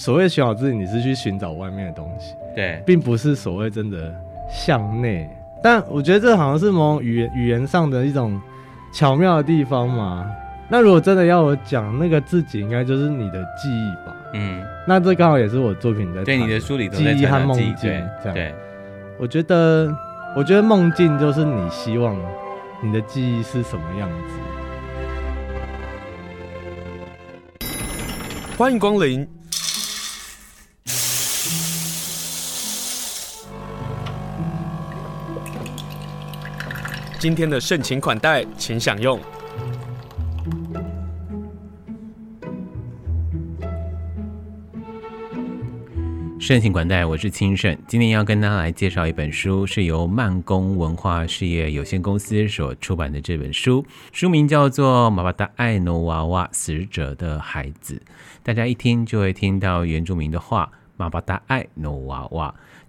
所謂尋找自己，你是去尋找外面的東西，對，並不是所謂真的向內。但我覺得這好像是某種語言語言上的一種巧妙的地方嘛。那如果真的要我講那個自己，應該就是你的記憶吧？嗯，那這剛好也是我作品在對你的梳理，記憶和夢境。對這樣。對，我覺得，我覺得夢境就是你希望你的記憶是什麼樣子。歡迎光臨。今天的盛情款待，請享用。盛情款待，我是清盛，今天要跟大家來介紹一本書，是由慢工文化事業有限公司所出版的這本書，書名叫做《馬巴達愛諾娃娃：死者的孩子》，大家一聽就會聽到原住民的話。《MAPATAYAY NO WAWA》，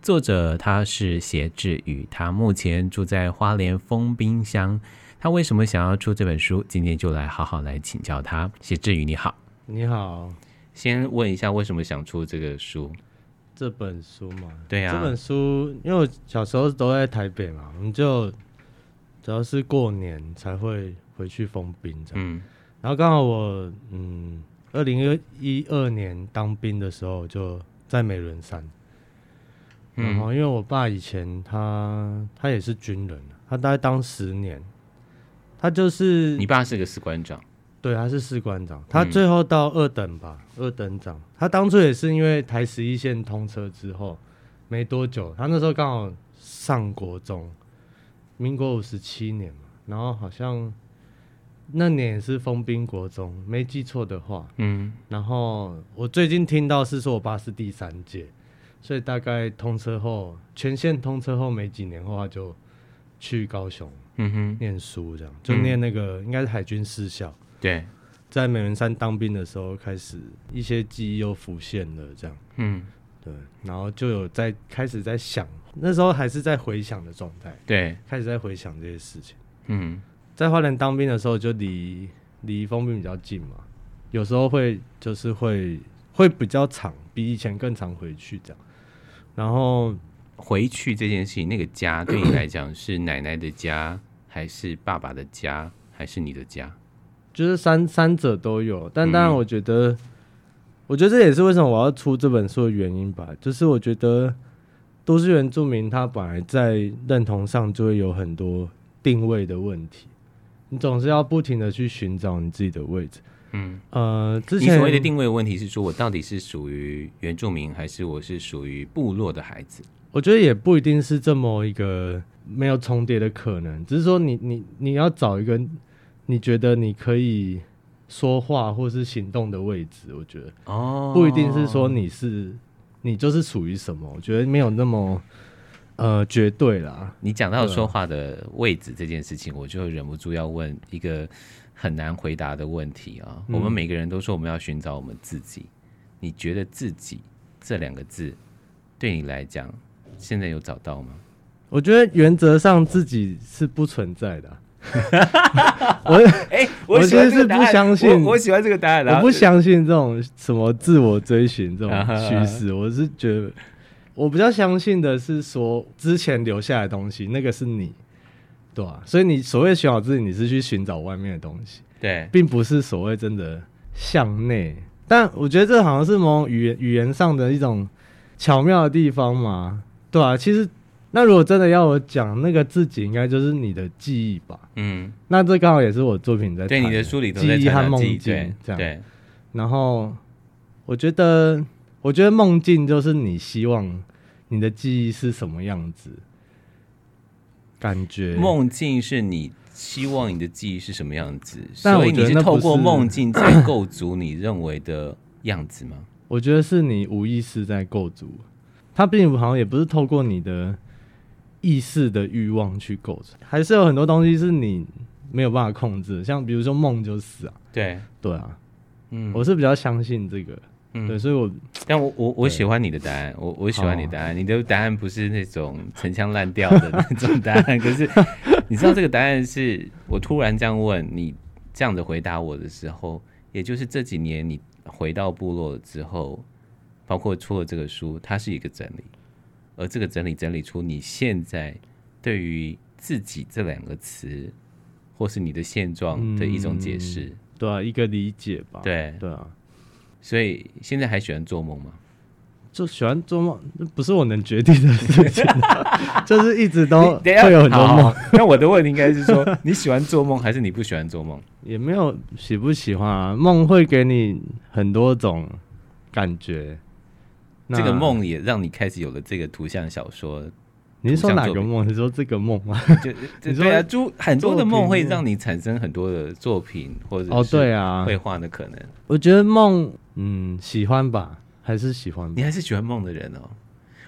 作者他是偕志語，他目前住在花蓮豐濱鄉。他為什麼想要出這本書？今天就來好好來請教他。偕志語，你好，你好。先問一下，為什麼想出這個書？這本書嘛，對呀、啊，這本書，因為我小時候都在台北嘛，我們就主要是過年才會回去豐濱的。嗯、然後剛好我，嗯，二零一二年當兵的時候我就。在美崙山，然後因為我爸以前他他也是軍人，他大概當十年，他就是，你爸是個士官長？對，他是士官長，他最後到二等吧，嗯、二等長。他當初也是因為台十一線通車之後沒多久，他那時候剛好上國中，民國五十七年嘛，然後好像。那年也是封兵國中，沒記錯的話，嗯。然後我最近聽到是說，我爸是第三屆，所以大概通車後，全線通車後沒幾年的話，就去高雄，念書這樣，嗯、哼就念那個應該是海軍士校。對、嗯，在美崙山當兵的時候，開始一些記憶又浮現了，這樣，嗯，對。然後就有在開始在想，那時候還是在回想的狀態，對、嗯哼，開始在回想這些事情，嗯。在花蓮當兵的時候就，就離離豐濱比較近嘛，有時候會就是會會比較常，比以前更常回去這樣。然後回去這件事情，那個家對你來講是奶奶的家，咳咳還是爸爸的家，還是你的家？就是三三者都有。但當然，我覺得，嗯、我覺得這也是為什麼我要出這本書的原因吧。就是我覺得，都市原住民他本來在認同上就會有很多定位的問題。你總是要不停的去尋找你自己的位置，嗯，呃，之前你所謂的定位問題是說，我到底是屬於原住民，還是我是屬於部落的孩子？我覺得也不一定是這麼一個沒有重疊的可能，只是說你你你要找一個你覺得你可以說話或是行動的位置。我覺得哦，不一定是說你是你就是屬於什麼，我覺得沒有那麼。呃，絕對啦！你講到說話的位置這件事情，呃、我就忍不住要問一個很難回答的問題啊。嗯、我們每個人都說我們要尋找我們自己，你覺得自己這兩個字對你來講，現在有找到嗎？我覺得原則上自己是不存在的。 我哎是，我其實是不相信。我喜歡這個答案，我不相信這種什麼自我追尋這種趨勢， 我是覺得。我比較相信的是說，之前留下的東西，那個是你，對啊？所以你所謂尋找自己，你是去尋找外面的東西，對，並不是所謂真的向內。但我覺得這好像是某種語言語言上的一種巧妙的地方嘛，對啊？其實，那如果真的要我講那個自己，應該就是你的記憶吧？嗯，那這剛好也是我的作品在對你的書裡記憶和夢境對，這樣，對，然後我覺得。我覺得夢境就是你希望你的記憶是什麼樣子，感覺夢境是你希望你的記憶是什麼樣子。我那所以你是透過夢境在構築你認為的樣子嗎 ？我覺得是你無意識在構築，它並不好像也不是透過你的意識的慾望去構成，還是有很多東西是你沒有辦法控制，像比如說夢就死啊，對對啊，嗯，我是比較相信這個。嗯，對，所以我但我我對我喜歡你的答案，我我喜歡你的答案。Oh. 你的答案不是那種陳腔濫調的那種答案， 可是你知道這個答案是我突然這樣問，你這樣的回答我的時候，也就是這幾年你回到部落之後，包括出了這個書，它是一個整理，而這個整理整理出你現在對於自己這兩個詞，或是你的現狀的一種解釋，嗯、對啊，一個理解吧，對對啊。所以現在還喜歡做夢嗎？就喜歡做夢不是我能決定的事情， 就是一直都會有很多夢。那我的問題應該是說 你喜歡做夢還是你不喜歡做夢？也沒有喜不喜歡啊，夢會給你很多種感覺。這個夢也讓你開始有了這個圖像小說。你是說哪個夢？你說這個夢嗎？就，就 你說對啊，就很多的夢會讓你產生很多的作品，作品或者哦，對啊，繪畫的可能，oh, 啊。我覺得夢，嗯，喜歡吧，還是喜歡。你還是喜歡夢的人哦。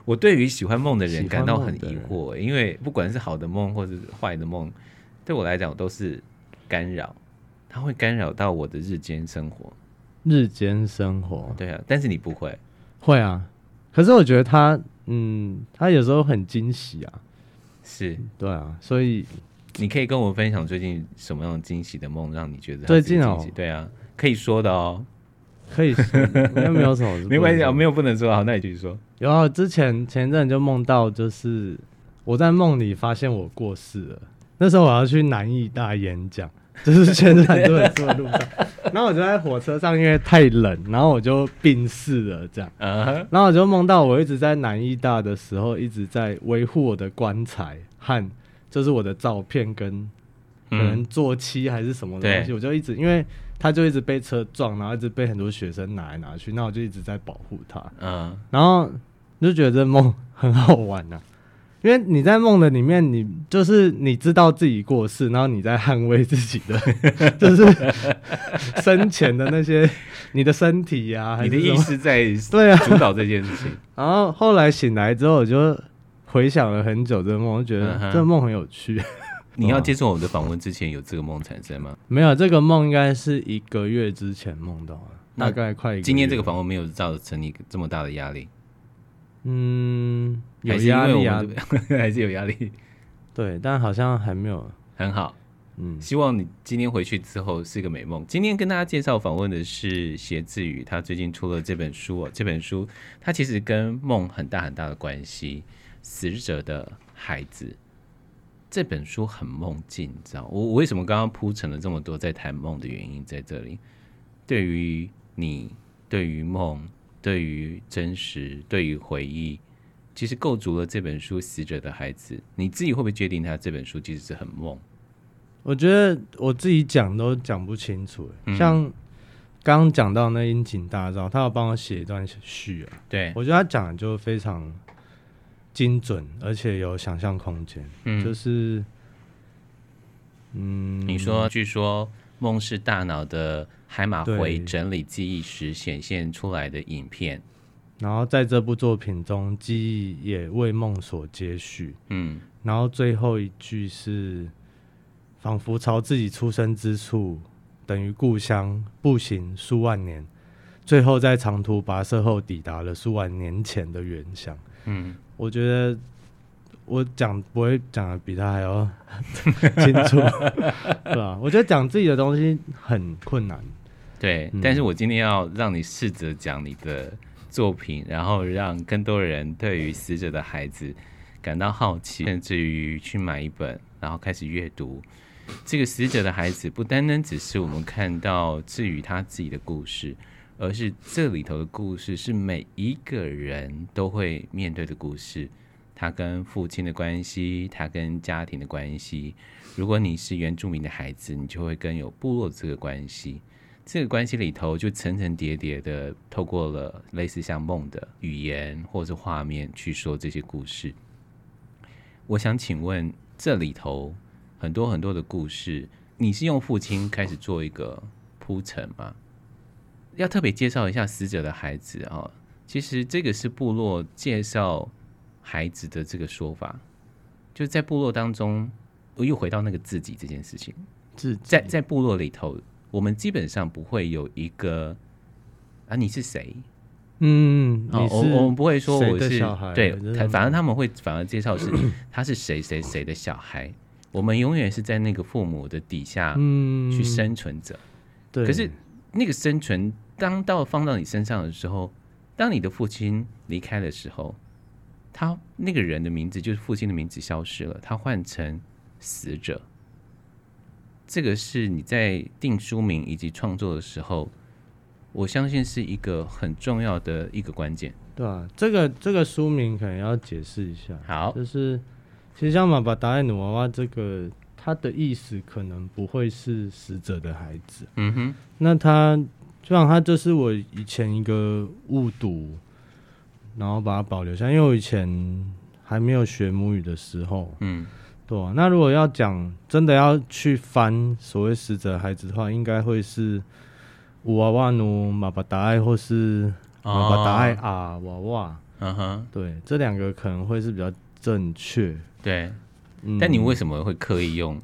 我對於喜歡夢的人感到很疑惑，因為不管是好的夢或者是壞的夢，對我來講都是干擾，它會干擾到我的日間生活。日間生活，對啊。但是你不會，會啊。可是我覺得它。嗯，他有時候很驚喜啊，是，對啊，所以你可以跟我分享最近什麼樣的驚喜的夢，讓你覺得最近哦，對啊，可以說的哦，可以說，沒有沒有什麼， 沒關係啊，沒有不能說啊，那你繼續說。有啊，之前前一陣就夢到，就是我在夢裡發現我過世了，那時候我要去南藝大演講。 就是現在坐在路上，然後我就在火車上，因為太冷，然後我就病逝了，這樣。然後我就夢到我一直在南藝大的時候，一直在維護我的棺材和，就是我的照片跟，可能坐騎還是什麼東西，我就一直，因為他就一直被車撞，然後一直被很多學生拿來拿去，那我就一直在保護他。嗯，然後你就覺得這夢很好玩啊？因為你在夢的裡面你，你就是你知道自己過世，然後你在捍衛自己的，就是 生前的那些你的身體呀、啊，你的意識在，對啊，主導這件事情、啊。然後後來醒來之後，我就回想了很久這個夢，我覺得這個夢很有趣。你要接受我們的訪問之前，有這個夢產生嗎？沒有，這個夢應該是一個月之前夢到的，那大概快一個月了。今天這個訪問沒有造成你這麼大的壓力？嗯，有壓力啊還，還是有壓力，對，但好像還沒有很好。嗯，希望你今天回去之後是個美夢。嗯、今天跟大家介紹訪問的是偕志語，他最近出了這本書哦、喔，這本書他其實跟夢很大很大的關係，《死者的孩子》這本書很夢境，你知道我,我為什麼剛剛鋪陳了這麼多在談夢的原因在這裡？對於你，對於夢。對於真實，對於回憶，其實構築了這本書《死者的孩子》。你自己會不會決定他這本書其實是很夢？我覺得我自己講都講不清楚。嗯、像剛,剛講到那櫻井大造，他有幫我寫一段序啊。對，我覺得他講的就非常精準，而且有想象空間。嗯、就是嗯，你說，據說夢是大腦的海馬回整理記憶時顯現出來的影片，然後在這部作品中，記憶也為夢所接續。嗯，然後最後一句是：仿佛朝自己出生之處等於故鄉，步行數萬年，最後在長途跋涉後抵達了數萬年前的原鄉。嗯，我覺得我講不會講得比他還要清楚，是吧？我覺得講自己的東西很困難。對，但是我今天要讓你試着講你的作品，然後讓更多人對於死者的孩子感到好奇，甚至於去買一本，然後開始閱讀。這個死者的孩子不單單只是我們看到志語他自己的故事，而是這裡頭的故事是每一個人都會面對的故事。他跟父親的關係，他跟家庭的關係。如果你是原住民的孩子，你就會跟有部落這個關係。這個關係裡頭就層層疊疊疊的透過了類似像夢的語言或者是畫面去說這些故事。我想請問，這裡頭很多很多的故事，你是用父親開始做一個鋪陳嗎？要特別介紹一下死者的孩子啊，其實這個是部落介紹孩子的這個說法，就在部落當中，我又回到那個自己這件事情，自己？在在部落裡頭。我們基本上不會有一個啊，你是誰？嗯，我我、哦哦、我們不會說我是小孩。對，他反正他們會反而介紹是他是誰誰誰的小孩。 我們永遠是在那個父母的底下去生存着、嗯。對，可是那個生存當到放到你身上的時候，當你的父親離開的時候，他那個人的名字就是父親的名字消失了，他換成死者。這個是你在定書名以及創作的時候，我相信是一個很重要的一個關鍵。對啊，這個這個書名可能要解釋一下，好，就是其實像馬巴達艾努娃娃這個，他的意思可能不會是死者的孩子，嗯哼，那他，基本上他就像他這是我以前一個誤讀，然後把它保留下，像因為我以前還沒有學母語的時候，嗯。那如果要講真的要去翻所謂死者孩子的話，應該會是娃娃奴馬巴達埃或是馬巴達埃啊，娃娃、哦。嗯哼，對，這兩個可能會是比較正確。對，但你為什麼會刻意用？嗯、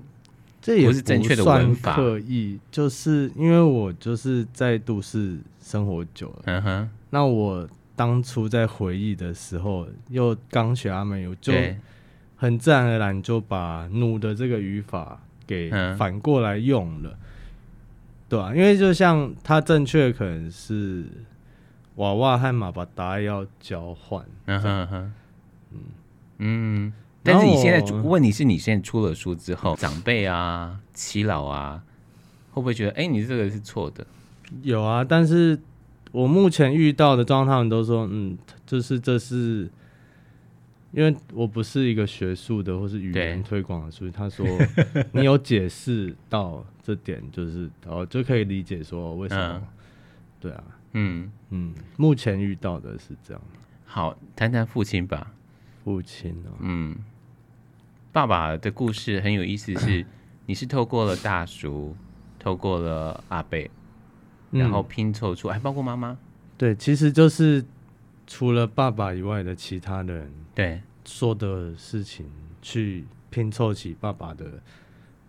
這也是，是正確的文法。刻意就是因為我就是在都市生活久了。嗯哼，那我當初在回憶的時候，又剛學阿美語就。很自然而然就把“努”的這個語法給反過來用了，嗯、對啊，因為就像它正確可能是娃娃和馬巴達要交換，啊哈啊哈嗯哼嗯嗯。但是你現在問，你是你現在出了書之後，後長輩啊、耆老啊，會不會覺得哎、欸，你這個是錯的？有啊，但是我目前遇到的狀況，他們都說嗯，就是這是。因為我不是一個學術的，或是語言推廣，所以對他說 你有解釋到這點，就是哦，就可以理解說為什麼、嗯、對啊，嗯嗯，目前遇到的是這樣。好，談談父親吧。父親哦，嗯，爸爸的故事很有意思是，是 你是透過了大叔，透過了阿伯，嗯、然後拼湊出，還包括媽媽，對，其實就是除了爸爸以外的其他人。對說的事情去拼湊起爸爸的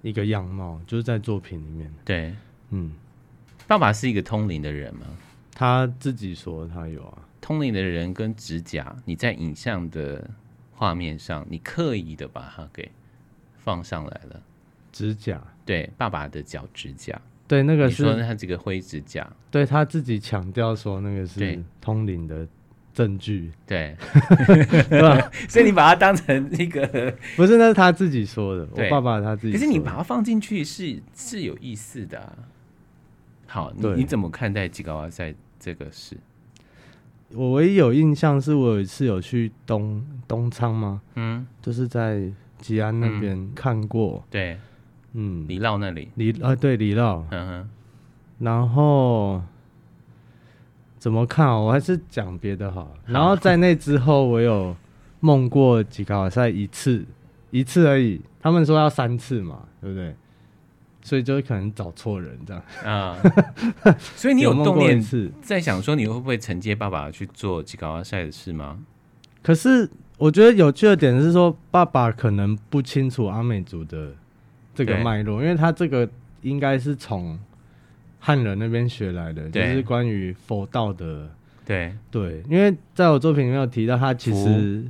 一個樣貌，就是在作品裡面。對，嗯，爸爸是一個通靈的人嗎？他自己說他有啊。通靈的人跟指甲，你在影像的畫面上，你刻意的把它給放上來了。指甲？對，爸爸的腳指甲。對，那個是你說那幾個灰指甲？對，他自己強調說那個是通靈的。證據對， 對啊、所以你把它當成那個 不是，那是他自己說的，對我爸爸他自己說的。可是你把它放進去是是有意思的，啊。好，你對你怎麼看待吉高瓦塞這個事？我唯一有印象是我有一次有去東東昌嗎？嗯，就是在吉安那邊看過。嗯、對，嗯，里漏那裡，里啊，對，里漏。嗯，哼然後。怎麼看啊，哦？我還是講別的好了。然後在那之後，我有夢過吉個瓦塞一次， 一次而已。他們說要三次嘛，對不對？所以就可能找錯人這樣。 啊，所以你有動過一次，在想說你會不會承接爸爸去做吉個瓦塞的事嗎？可是我覺得有趣的點是說，爸爸可能不清楚阿美族的這個脈絡，對因為他這個應該是從。漢人那邊學來的，對就是關於佛道的。對對，因為在我作品裡面，有提到他。其實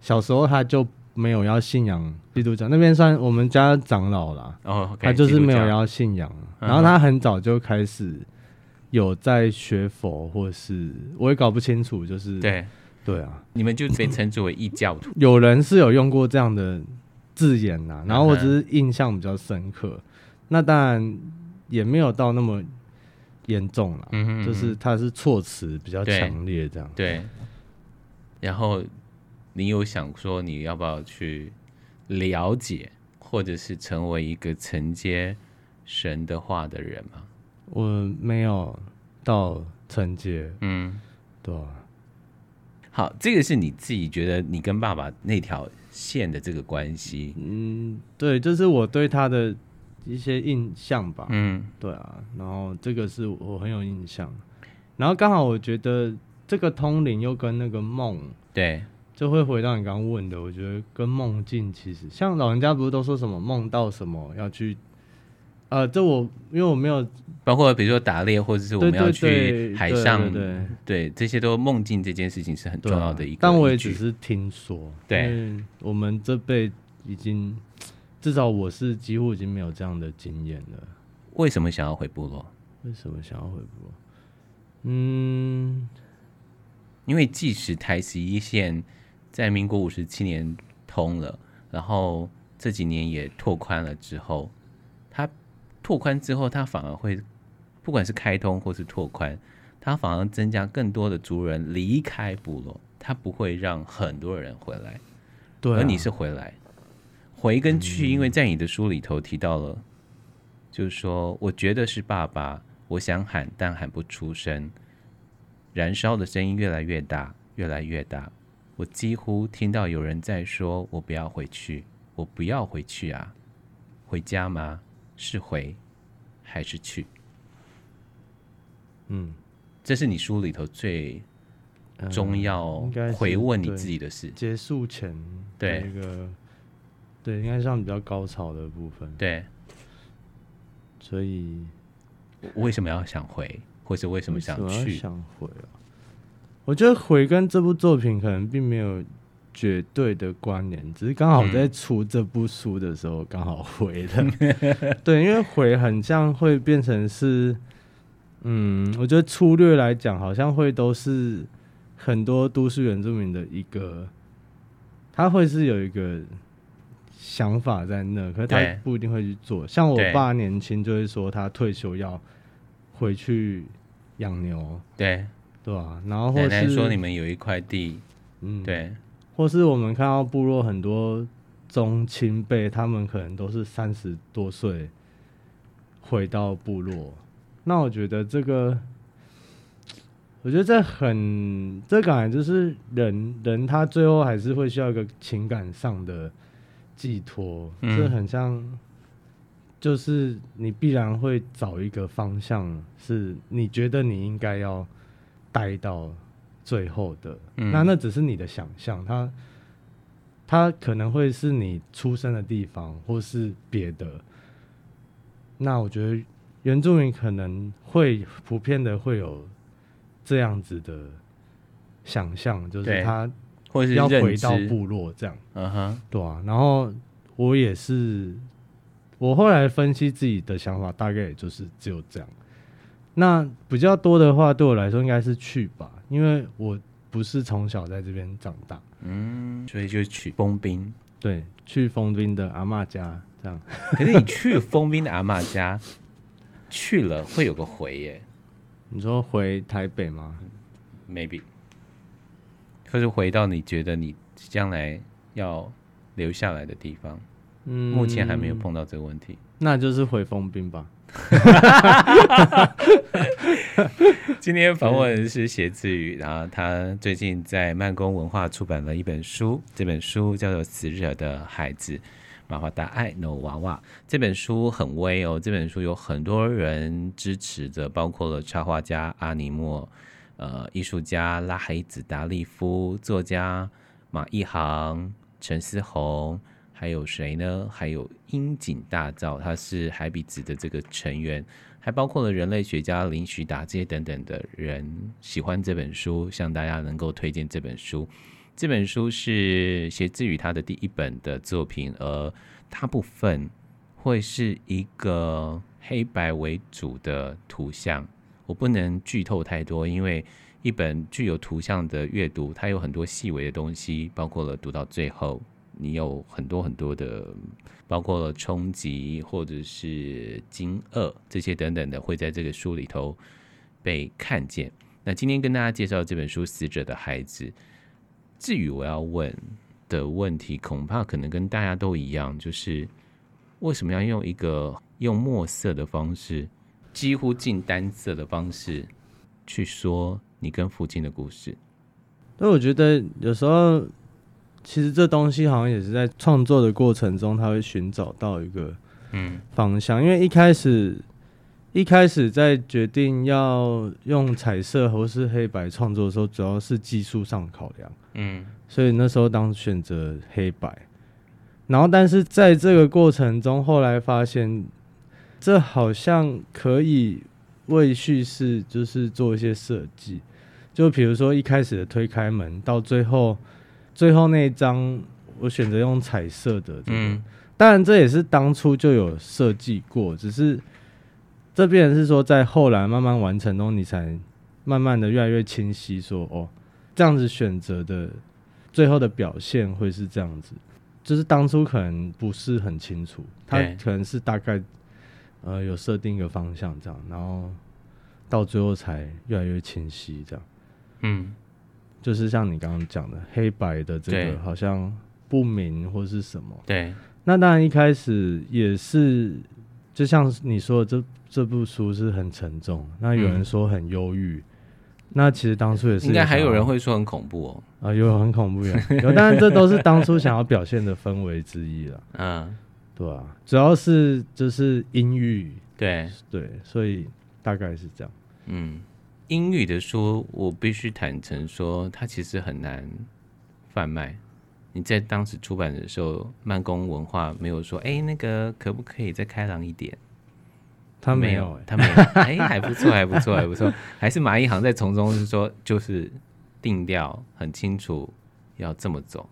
小時候他就沒有要信仰基督教，那邊算我們家長老了，哦、okay, 他就是沒有要信仰，然後他很早就開始有在學佛，或是我也搞不清楚，就是對對啊，你們就被稱之為異教徒。嗯，有人是有用過這樣的字眼吶，然後我只是印象比較深刻。嗯、哼那當然。也沒有到那麼嚴重了，嗯哼，嗯哼，就是他是措辭比較強烈這樣，對。對，然後你有想說你要不要去了解，或者是成為一個承接神的話的人嗎？我沒有到承接，嗯，對。好，這個是你自己覺得你跟爸爸那條線的這個關係，嗯，對，這、就是我對他的。一些印象吧，嗯，對啊，然後這個是我很有印象，然後剛好我覺得這個通靈又跟那個夢，對，就會回到你剛剛問的，我覺得跟夢境其實像老人家不是都說什麼夢到什麼要去，呃，這我因為我沒有包括比如說打獵或者是我們要去海上，對對，這些都夢境這件事情是很重要的一個，但我也只是聽說，句對，我們這輩已經。至少我是幾乎已經沒有這樣的經驗了。為什麼想要回部落？為什麼想要回部落？嗯，因為即使台十一線在民國五十七年通了，然後這幾年也拓寬了之後，它拓寬之後，它反而會，不管是開通或是拓寬，它反而增加更多的族人離開部落，它不會讓很多人回來。對啊，而你是回來。回跟去，因為在你的書裡頭提到了，就是說，我覺得是爸爸，我想喊，但喊不出聲。燃燒的聲音越來越大，越來越大，我幾乎聽到有人在說：“我不要回去，我不要回去啊！”回家嗎？是回還是去？嗯，這是你書裡頭最重要回問你自己的事。結束前，對那個。對，應該像比較高潮的部分。對，所以我為什麼要想回，或者為什麼想去，為什麼想回啊？我覺得回跟這部作品可能並沒有絕對的關聯，只是剛好在出這部書的時候剛好回了。嗯、對，因為回很像會變成是，嗯，我覺得粗略來講，好像會都是很多都市原住民的一個，他會是有一個。想法在那，可是他不一定會去做。對像我爸年輕，就會說他退休要回去養牛，對對啊。然後，或是奶奶說你們有一塊地，嗯，對。或是我們看到部落很多中青輩，他們可能都是三十多歲回到部落。那我覺得這個，我覺得這很，這感覺就是人，人他最後還是會需要一個情感上的。寄託，這很像，就是你必然會找一個方向，是你覺得你應該要待到最後的。嗯、那那只是你的想象，它他可能會是你出生的地方，或是別的。那我覺得原住民可能會普遍的會有這樣子的想象，就是他。或是要回到部落這樣，嗯哼，對啊。然後我也是，我後來分析自己的想法，大概也就是只有這樣。那比較多的話，對我來說應該是去吧，因為我不是從小在這邊長大，嗯，所以就去豐濱。對，去豐濱的阿嬤家這樣。可是你去豐濱的阿嬤家， 去了會有個回耶，欸？你說回台北嗎？maybe。或是回到你覺得你將來要留下來的地方，嗯、目前還沒有碰到這個問題，那就是回豐濱吧。今天訪問是偕志語，然後他最近在慢工文化出版了一本書，這本書叫做《死者的孩子：MAPATAYAY NO WAWA》。這本書很威哦，這本書有很多人支持的，包括了插畫家阿尼莫。呃，藝術家拉黑子達利夫，作家馬一航、陳思宏，還有誰呢？還有櫻井大造，他是海筆子的這個成員，還包括了人類學家林徐達這些等等的人，喜歡這本書，向大家能夠推薦這本書。這本書是寫自於他的第一本的作品，而大部分會是一個黑白為主的圖像。我不能劇透太多，因為一本具有圖像的閱讀，它有很多細微的東西，包括了讀到最後，你有很多很多的，包括了衝擊或者是驚愕這些等等的，會在這個書裡頭被看見。那今天跟大家介紹這本書《死者的孩子》，至於我要問的問題，恐怕可能跟大家都一樣，就是為什麼要用一個用墨色的方式？幾乎近單色的方式去說你跟父親的故事，所以我覺得有時候其實這東西好像也是在創作的過程中，他會尋找到一個嗯方向。嗯、因為一開始一開始在決定要用彩色或是黑白創作的時候，主要是技術上考量，嗯，所以那時候當選擇黑白，然後但是在這個過程中，後來發現。這好像可以為敘事，就是做一些設計，就比如說一開始的推開門到最後，最後那一張我選擇用彩色的，這個，嗯，當然這也是當初就有設計過，只是這邊是說在後來慢慢完成中，你才慢慢的越來越清晰說，說哦這樣子選擇的最後的表現會是這樣子，就是當初可能不是很清楚，它可能是大概，欸。呃，有設定一個方向，這樣，然後到最後才越來越清晰，這樣。嗯，就是像你剛剛講的，黑白的這個對好像不明或是什麼。對。那當然一開始也是，就像你說的這，這這部書是很沉重。那有人說很憂鬱，嗯、那其實當初也是。應該還有人會說很恐怖哦。啊、呃，有很恐怖、啊、 有，當然這都是當初想要表現的氛圍之一了。嗯。對啊，主要是就是英語，對對，所以大概是這樣。嗯，英語的書我必須坦誠說，它其實很難販賣。你在當時出版的時候，慢工文化沒有說，哎、欸，那個可不可以再開朗一點？他沒、欸、沒有，他沒有，哎、 欸，還不錯，還不錯，還不錯，還是馬一航在從中是說，就是定調很清楚，要這麼走。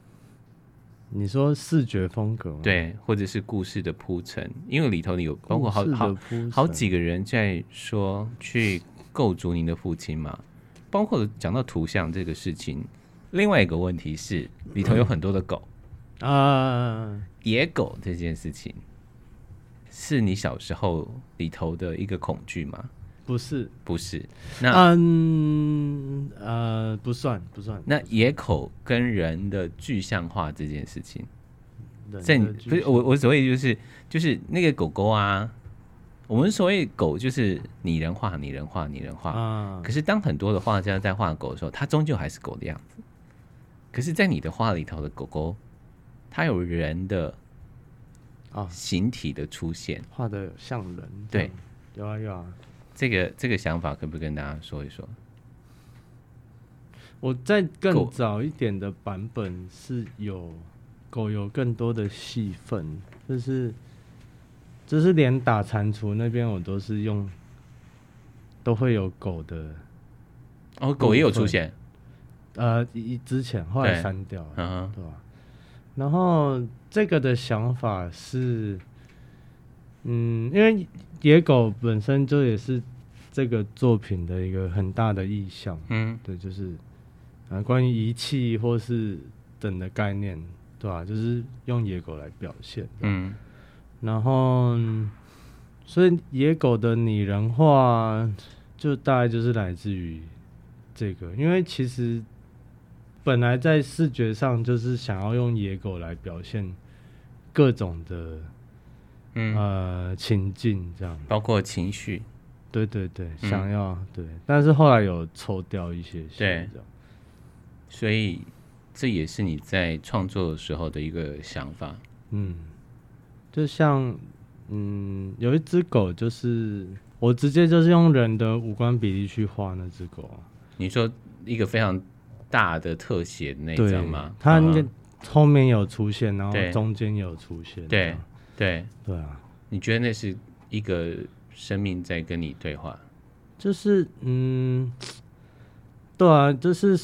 你說視覺風格嗎？對，或者是故事的鋪陳，因為裡頭你有包括好好好幾個人在說去構築您的父親嘛，包括講到圖像這個事情。另外一個問題是，裡頭有很多的狗啊，嗯、野狗這件事情，是你小時候裡頭的一個恐懼嗎？不是不是，那嗯呃不算不算。不算不算，那野口跟人的具象化這件事情，在你，不是我我所謂就是就是那個狗狗啊，我們所謂狗就是擬人化擬人化擬人化啊。可是當很多的畫家在畫狗的時候，它終究還是狗的樣子。可是，在你的畫裡頭的狗狗，它有人的啊形體的出現，畫的、啊、像人，對，有啊，有啊有啊。這個這個想法可不可以跟大家說一說？我在更早一點的版本是有狗有更多的戲份，就是就是連打蟾蜍那邊我都是用都會有狗的，哦，狗也有出現，嗯、呃，一之前後來刪掉了，對吧？啊？然後這個的想法是。嗯，因為野狗本身就也是這個作品的一個很大的意象，嗯，對，就是啊關於遺棄或是等的概念，對吧？啊？就是用野狗來表現，嗯，然後所以野狗的擬人化就大概就是來自於這個，因為其實本來在視覺上就是想要用野狗來表現各種的。嗯、呃，情境這樣，包括情緒，對對對，嗯、想要對，但是後來有抽掉一些，些，對，所以這也是你在創作的時候的一個想法。嗯，就像嗯，有一隻狗，就是我直接就是用人的五官比例去畫那隻狗、啊。你說一個非常大的特寫的那張嗎？對，它嗎後面有出現，然後中間有出現，對。這樣。對對啊，你覺得那是一個生命在跟你對話？就是嗯，對啊，就是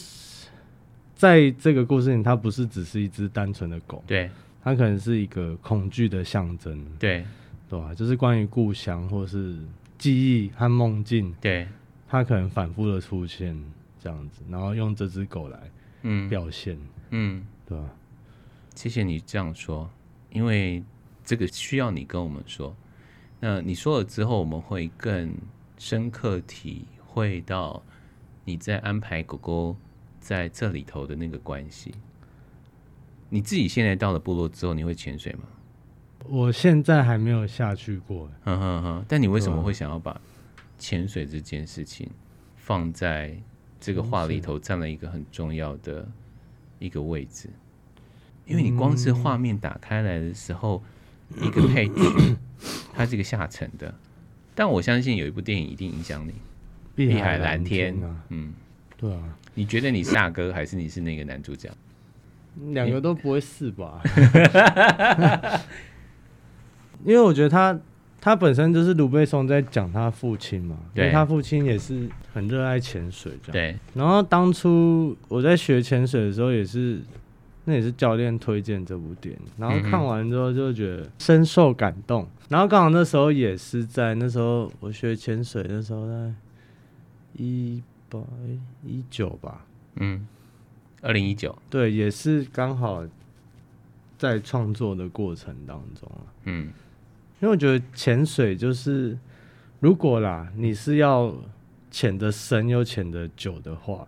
在這個故事裡，它不是只是一只單純的狗，對，它可能是一個恐懼的象徵，對對啊，就是關於故鄉或是記憶和夢境，對，它可能反覆的出現這樣子，然後用這只狗來嗯表現，嗯，對啊、嗯嗯，謝謝你這樣說，因為。這個需要你跟我們說，那你說了之後，我們會更深刻體會到你在安排狗狗在這裡頭的那個關係。你自己現在到了部落之後，你會潛水嗎？我現在還沒有下去過。哈哈哈！但你為什麼會想要把潛水這件事情放在這個話裡頭，佔了一個很重要的一個位置？嗯，因為你光是畫面打開來的時候一個配角，他是一個下沉的，但我相信有一部電影一定影響你，《碧海藍天》啊。嗯，對啊，你覺得你是大哥還是你是那個男主角？兩個都不會是吧？ 因為我覺得他，他本身就是盧貝松在講他父親嘛，對因為他父親也是很熱愛潛水這樣，對。然後當初我在學潛水的時候也是。那也是教練推薦這部電影，然後看完之後就覺得深受感動。嗯、哼然後剛好那時候也是在那時候我學潛水，的時候在一八一九吧，嗯，二零一九，對，也是剛好在創作的過程當中、啊、嗯，因為我覺得潛水就是如果啦，你是要潛得深又潛得久的話，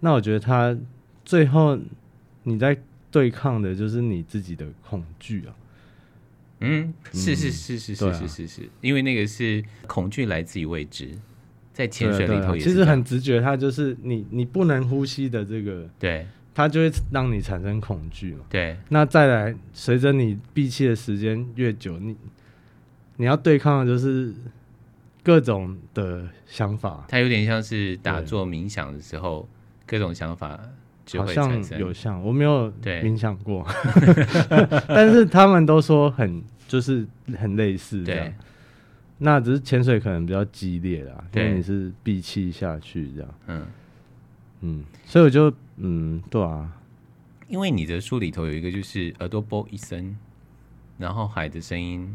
那我覺得它最後。你在對抗的就是你自己的恐懼啊！嗯，是是是是是是是是，啊啊、因為那個是恐懼來自於未知，在潛水裡頭也是對對對、啊、其實很直覺，它就是你你不能呼吸的這個，對，它就會讓你產生恐懼嘛。對，那再來，隨着你閉氣的時間越久，你你要對抗的就是各種的想法，它有點像是打坐冥想的時候對各種想法。好像有像，我沒有冥想過，對 但是他們都說很就是很類似這樣。對那只是潛水可能比較激烈啦，但對因為是閉氣下去這樣。嗯嗯，所以我就嗯對啊，因為你的書裡頭有一個就是耳朵啵一聲，然後海的聲音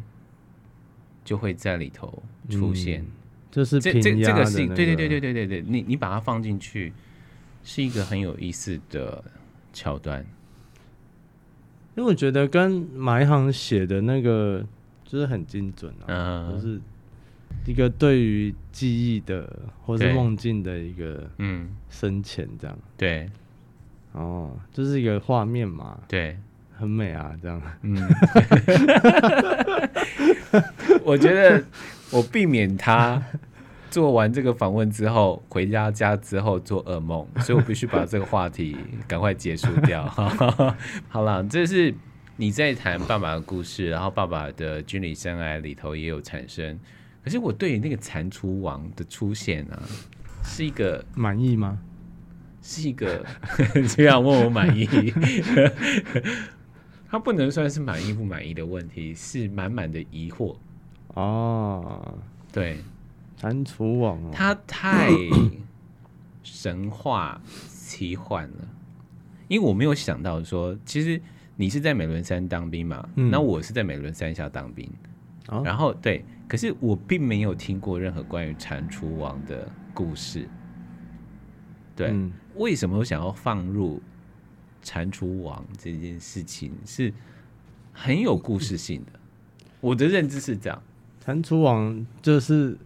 就會在裡頭出現。嗯、就是的、那個、這這，這個是，對對對對對對對，你你把它放進去。是一個很有意思的橋段，因為我覺得跟買一航寫的那個就是很精準啊，嗯、就是一個對於記憶的或是夢境的一個嗯深淺這樣，對，嗯、對哦，這、就是一個畫面嘛，對，很美啊，這樣，嗯， 我覺得我避免他。 做完這個訪問之後，回家家之後做噩夢，所以我必須把這個話題趕快結束掉。 好了，這是你在談爸爸的故事，然後爸爸的軍旅生涯裡頭也有產生。可是我對於那個蟾蜍王的出現啊，是一個滿意嗎？是一個呵呵這樣問我滿意？ 他不能算是滿意不滿意的問題，是滿滿的疑惑啊。Oh. 對。蟾蜍王，哦，他太 神話奇幻了，因為我沒有想到說，其實你是在美崙山當兵嘛，那、嗯、我是在美崙山下當兵，啊、然後對，可是我並沒有聽過任何關於蟾蜍王的故事。對，嗯、為什麼我想要放入蟾蜍王這件事情是很有故事性的。嗯、我的認知是這樣，蟾蜍王就是。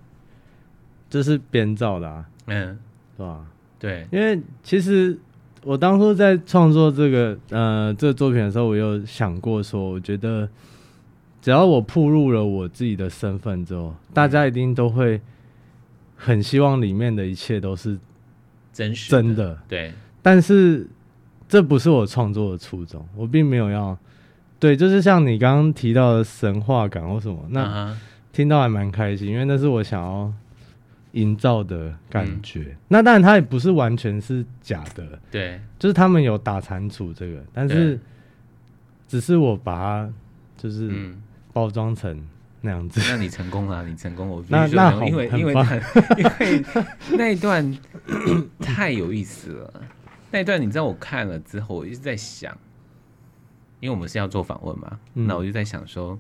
這是編造的、啊，嗯，是吧？對，因為其實我當初在創作這個呃這個作品的時候，我有想過說，我覺得只要我暴露了我自己的身份之後，嗯、大家一定都會很希望裡面的一切都是真實真的，對。但是這不是我創作的初衷，我並沒有要對，就是像你剛剛提到的神話感或什麼，那聽到還蠻開心，因為那是我想要。營造的感覺，嗯、那當然它也不是完全是假的，對，就是他們有打蟾蜍這個，但是只是我把它就是包裝成那樣子，嗯。那你成功了，啊，你成功了，我必須。成因為棒因為 因為那一段咳咳太有意思了， 那一段你知道我看了之後，我一直在想，因為我們是要做訪問嘛，嗯、那我就在想說，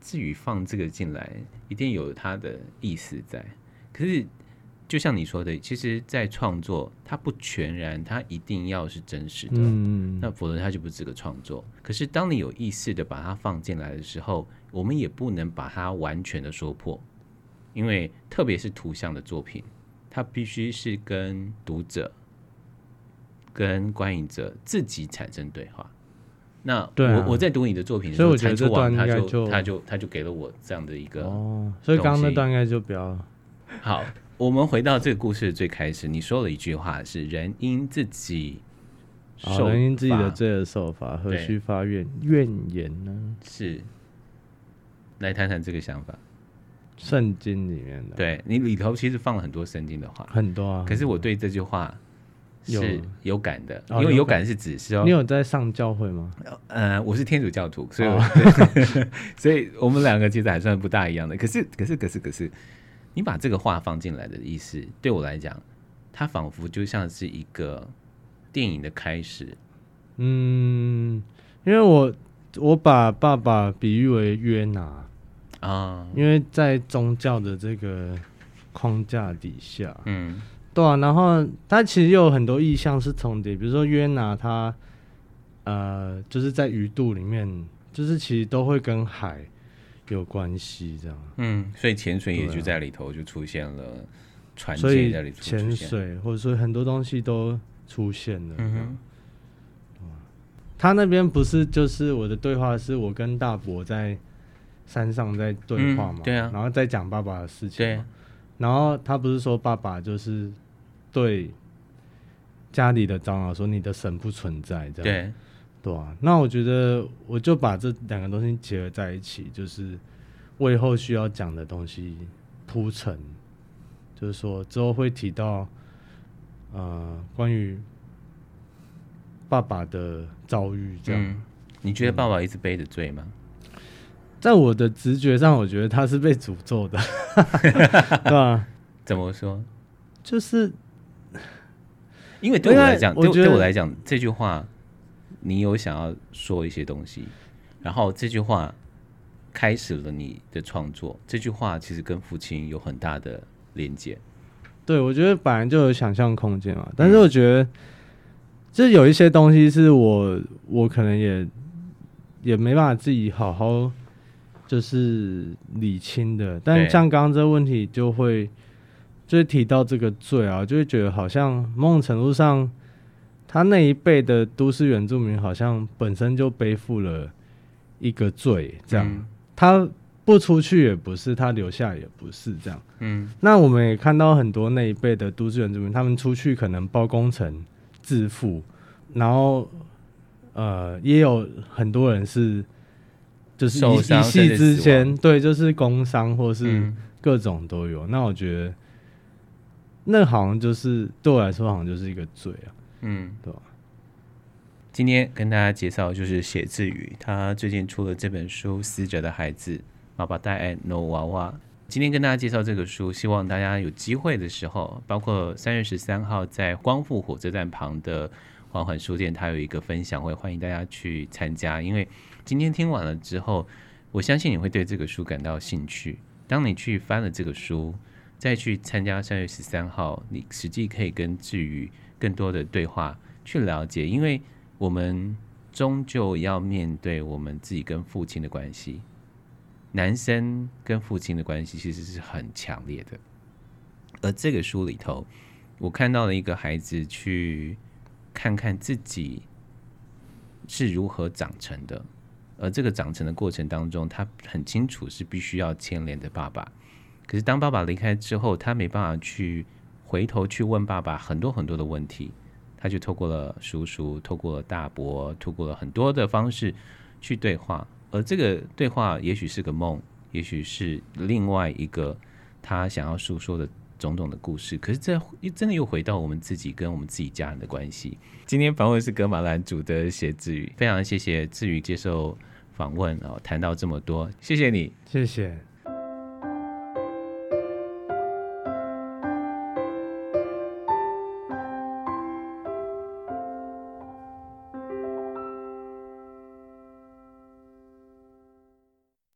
至於放這個進來，一定有它的意思在。可是，就像你說的，其實在創作，它不全然，它一定要是真實的，嗯，那否則它就不是個創作。可是當你有意識的把它放進來的時候，我們也不能把它完全的說破，因為特別是圖像的作品，它必須是跟讀者、跟觀影者自己產生對話。那我、啊、我在讀你的作品的時候，所以我才做完，他就他就他就給了我這樣的一個、哦、所以剛剛那段應該就比較。好，我們回到這個故事的最開始，你說了一句話是“人因自己受人因自己的罪受罰，何須發怨怨言呢？”是。來談談這個想法。聖經裡面的，對，你裡頭其實放了很多聖經的話，很多啊。可是我對這句話是有感的，因為有感是指是。你有在上教會嗎？呃，我是天主教徒，所以，所以我們兩個其實還算不大一樣的。可是，可是，可是，可是。你把這個話放進來的意思，對我來講，它仿佛就像是一個電影的開始。嗯，因為我我把爸爸比喻為約拿啊，嗯，因為在宗教的這個框架底下，嗯，對啊，然後他其實有很多意象是重疊，比如說約拿他，呃，就是在魚肚裡面，就是其實都會跟海。有關係，這樣。嗯，所以潛水也就在裡頭就出現了，啊、船在這潛水，或者說很多東西都出現了，嗯、哼他那邊不是就是我的對話，是我跟大伯在山上在對話嘛、嗯？對啊。然後在講爸爸的事情。啊、然後他不是說爸爸就是對家裡的蟑螂說你的神不存在這樣。對。對啊，那我覺得我就把這兩個東西結合在一起，就是為後續要講的東西鋪陳。就是說之後會提到，呃，關於爸爸的遭遇，這樣。嗯，你覺得爸爸一直背着罪嗎？嗯？在我的直覺上，我覺得他是被詛咒的。 對吧、啊？ 怎麼說？就是因為對我來講，對，啊、我對，對我來講這句話。你有想要說一些東西，然後這句話開始了你的創作。這句話其實跟父親有很大的連接。對，我覺得本來就有想象空間啊。但是我覺得，這、嗯、有一些東西是我我可能也也沒辦法自己好好就是理清的。但像剛剛這個問題就，就會就提到這個罪啊，就會覺得好像某種程度上。他那一輩的都市原住民好像本身就背負了一個罪，這樣、嗯、他不出去也不是，他留下也不是這樣。嗯，那我們也看到很多那一輩的都市原住民，他們出去可能包工程致富，然後呃，也有很多人是就是一,一夕之間，對，就是工傷或是各種都有。嗯、那我覺得那好像就是對我來說好像就是一個罪啊。嗯，對吧今天跟大家介紹，就是偕志語他最近出了這本書《死者的孩子》MAPATAYAY NO WAWA。今天跟大家介紹這個書，希望大家有機會的時候，包括三月十三號在光復火車站旁的緩緩書店，他有一個分享會，歡迎大家去參加。因為今天聽完了之後，我相信你會對這個書感到興趣。當你去翻了這個書，再去參加三月十三號，你實際可以跟志語。更多的對話去了解，因為我們終究要面對我們自己跟父親的關係。男生跟父親的關係其實是很強烈的，而這個書裡頭，我看到了一個孩子去看看自己是如何長成的，而這個長成的過程當中，他很清楚是必須要牽連的爸爸。可是當爸爸離開之後，他沒辦法去。回頭去問爸爸很多很多的問題，他就透過了叔叔，透過了大伯，透過了很多的方式去對話。而這個對話也許是個夢，也許是另外一個他想要訴說的種種的故事。可是這又真的又回到我們自己跟我們自己家人的關係。今天訪問是噶瑪蘭族的偕志語，非常謝謝志語接受訪問啊，談到這麼多，謝謝你，謝謝。